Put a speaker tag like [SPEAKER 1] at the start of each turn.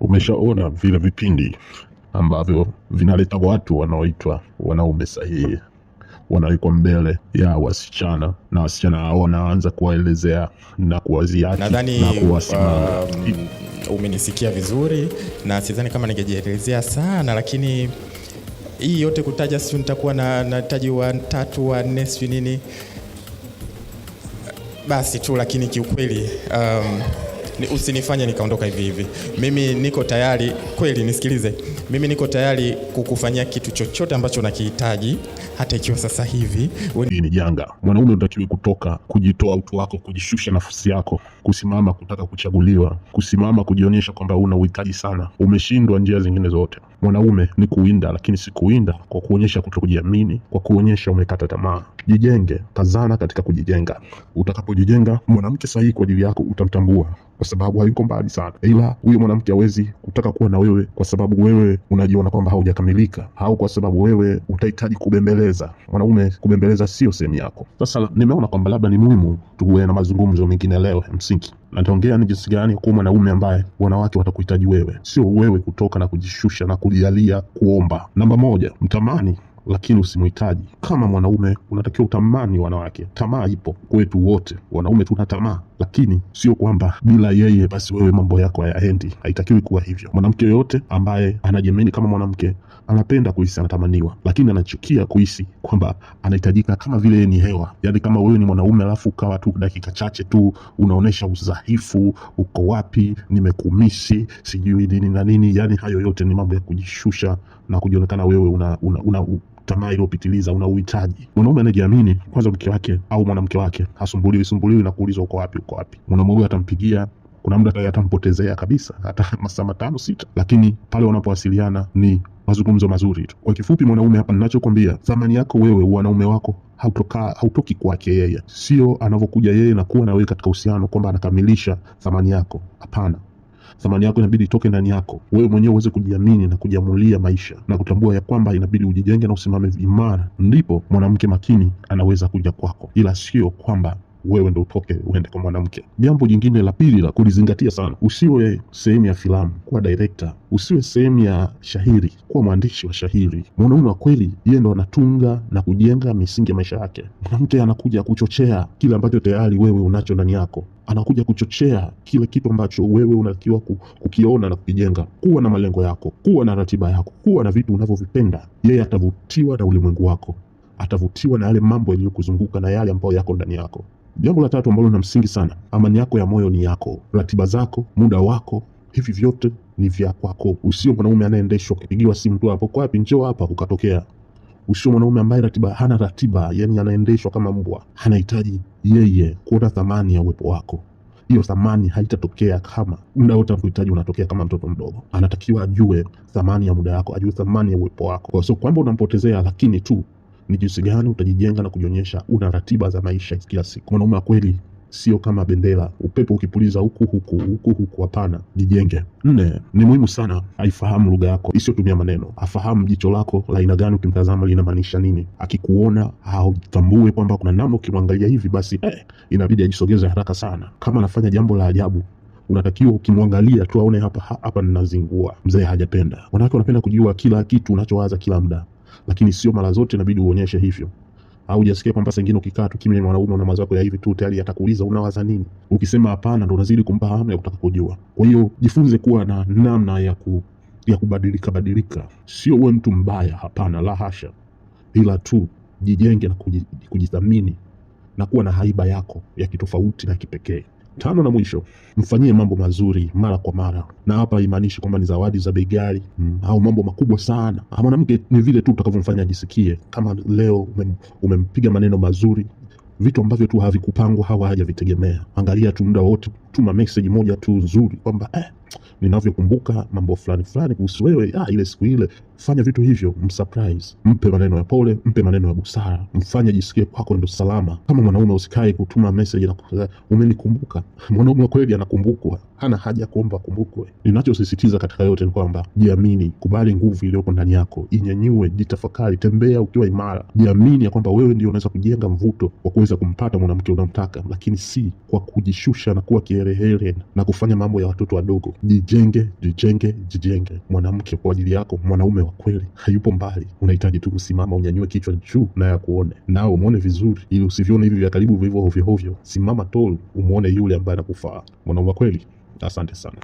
[SPEAKER 1] Umeshaona vile vipindi ambavyo vinaleta watu wanaoitwa wanaume sahihi, wanawekwa mbele ya wasichana na wasichana hao wanaanza kuwaelezea na kuwaziati Um,
[SPEAKER 2] umenisikia vizuri, na sidhani kama ningejielezea sana, lakini hii yote kutaja, siu nitakuwa na nataji wa tatu wa nne, nini, basi tu, lakini kiukweli um, ni usinifanye nikaondoka hivi hivi. Mimi niko tayari kweli, nisikilize, mimi niko tayari kukufanyia kitu chochote ambacho unakihitaji, hata ikiwa sasa hivi.
[SPEAKER 1] Hii ni janga. Mwanaume unatakiwa kutoka, kujitoa utu wako, kujishusha nafasi yako, kusimama, kutaka kuchaguliwa, kusimama, kujionyesha kwamba una uhitaji sana, umeshindwa njia zingine zote. Mwanaume ni kuinda, lakini si kuinda kwa kuonyesha kutokujiamini, kwa kuonyesha umekata tamaa. Jijenge, kazana katika kujijenga. Utakapojijenga, mwanamke sahihi kwa ajili yako utamtambua, kwa sababu hayuko mbali sana, ila huyo mwanamke hawezi kutaka kuwa na wewe kwa sababu wewe unajiona kwamba haujakamilika au kwa sababu wewe utahitaji kubembeleza. Mwanaume, kubembeleza sio sehemu yako. Sasa nimeona kwamba labda ni muhimu tuwe na mazungumzo mengine leo, msingi nataongea ni jinsi gani kuwa mwanaume ambaye wanawake watakuhitaji wewe, sio wewe kutoka na kujishusha na kulialia kuomba. Namba moja, mtamani lakini usimhitaji. Kama mwanaume unatakiwa utamani wanawake. Tamaa ipo kwetu wote, wanaume tuna tamaa lakini sio kwamba bila yeye basi wewe mambo yako hayaendi. Haitakiwi kuwa hivyo. Mwanamke yoyote ambaye anajemeni kama mwanamke anapenda kuhisi anatamaniwa, lakini anachukia kuhisi kwamba anahitajika kama vile ni hewa. Yani kama wewe ni mwanaume alafu ukawa tu dakika chache tu unaonyesha udhaifu, uko wapi, nimekumisi, sijui nini na nini. Yani hayo yote ni mambo ya kujishusha na kujionekana wewe una, una, una tamaa iliyopitiliza uhitaji Mwanaume anajiamini kwanza, mke wake au mwanamke wake hasumbuliwi sumbuliwi na kuulizwa uko wapi uko wapi. Mwanaume huyo atampigia kuna muda atampotezea kabisa, hata masaa matano sita, lakini pale wanapowasiliana ni mazungumzo mazuri tu. Kwa kifupi, mwanaume hapa ninachokwambia, thamani yako wewe, wanaume wako hautokaa hautoki kwake yeye, sio anavyokuja yeye na kuwa na wewe katika uhusiano kwamba anakamilisha thamani yako. Hapana thamani yako inabidi itoke ndani yako wewe mwenyewe uweze kujiamini na kujiamulia maisha na kutambua ya kwamba inabidi ujijenge na usimame imara, ndipo mwanamke makini anaweza kuja kwako, ila sio kwamba wewe ndo utoke uende kwa mwanamke. Jambo jingine la pili la kulizingatia sana, usiwe sehemu ya filamu kuwa direkta usiwe sehemu ya shahiri kuwa mwandishi wa shahiri. Mwanaume wa kweli yeye ndo anatunga na kujenga misingi ya maisha yake. Mwanamke anakuja kuchochea kile ambacho tayari wewe unacho ndani yako, anakuja kuchochea kile kitu ambacho wewe unatakiwa kukiona na kukijenga. Kuwa na malengo yako, kuwa na ratiba yako, kuwa na vitu unavyovipenda. Yeye atavutiwa na ulimwengu wako, atavutiwa na yale mambo yaliyokuzunguka na yale ambayo yako ndani yako. Jambo la tatu ambalo na msingi sana, amani yako ya moyo ni yako, ratiba zako, muda wako, hivi vyote ni vya kwako. Usio mwanaume anayeendeshwa, ukipigiwa simu tu hapo kwapi, njoo hapa, ukatokea. Usio mwanaume ambaye ratiba hana ratiba, yani anaendeshwa kama mbwa, anahitaji yeye kuona thamani ya uwepo wako. Hiyo thamani haitatokea kama muda wote anapohitaji unatokea kama mtoto mdogo. Anatakiwa ajue thamani ya muda wako, ajue thamani ya uwepo wako, sio kwamba unampotezea, lakini tu ni jinsi gani utajijenga na kujionyesha una ratiba za maisha kila siku. Mwanaume wa kweli sio kama bendera, upepo ukipuliza huku huku huku huku. Hapana, jijenge. Nne, ni muhimu sana aifahamu lugha yako isiyotumia maneno, afahamu jicho lako la aina gani, ukimtazama linamaanisha nini. Akikuona autambue kwamba kuna namna, ukimwangalia hivi basi eh, inabidi ajisogeze haraka sana. Kama anafanya jambo la ajabu unatakiwa ukimwangalia tu aone hapa hapa ninazingua, mzee hajapenda. Wanawake wanapenda kujua kila kitu unachowaza kila muda lakini sio mara zote inabidi uonyeshe hivyo au jasikia kwamba sengine ukikaa tu kimya mwanaume una mawazo yako ya hivi tu tayari atakuuliza unawaza nini. Ukisema hapana, ndo unazidi kumpa hamu ya kutaka kujua. Kwa hiyo jifunze kuwa na namna ya ku, ya kubadilika badilika, sio uwe mtu mbaya, hapana, la hasha, ila tu jijenge na kujithamini na kuwa na haiba yako ya kitofauti na kipekee. Tano na mwisho, mfanyie mambo mazuri mara kwa mara, na hapa haimaanishi kwamba ni zawadi za bei ghali mm, au mambo makubwa sana. Ah, mwanamke ni vile tu utakavyomfanya ajisikie. Kama leo umempiga maneno mazuri vitu ambavyo tu havikupangwa hawa hajavitegemea. Angalia tu muda wote, tuma meseji moja tu nzuri kwamba eh, ninavyokumbuka mambo fulani fulani kuhusu wewe, ah, ile siku ile. Fanya vitu hivyo, msurprise, mpe maneno ya pole, mpe maneno ya busara, mfanye jisikie kwako ndo salama. Kama mwanaume usikae kutuma message na eh, umenikumbuka. Mwanaume kweli anakumbukwa, hana haja kuomba akumbukwe Ninachosisitiza katika yote ni kwamba jiamini, kubali nguvu iliyoko ndani yako, inyenyue, jitafakari, tembea ukiwa imara. Jiamini ya kwamba wewe ndio unaweza kujenga mvuto wa kuweza kumpata mwanamke unamtaka, lakini si kwa kujishusha na kuwa kiherehere na kufanya mambo ya watoto wadogo. Jijenge, jijenge, jijenge mwanamke, kwa ajili yako mwanaume wa kweli hayupo mbali. Unahitaji tu kusimama, unyanyue kichwa juu naye akuone, nao umwone vizuri, ili usivyone hivi vya karibu vilivyo hovyohovyo. Simama tolu, umwone yule ambaye anakufaa, mwanaume wa kweli. Asante sana.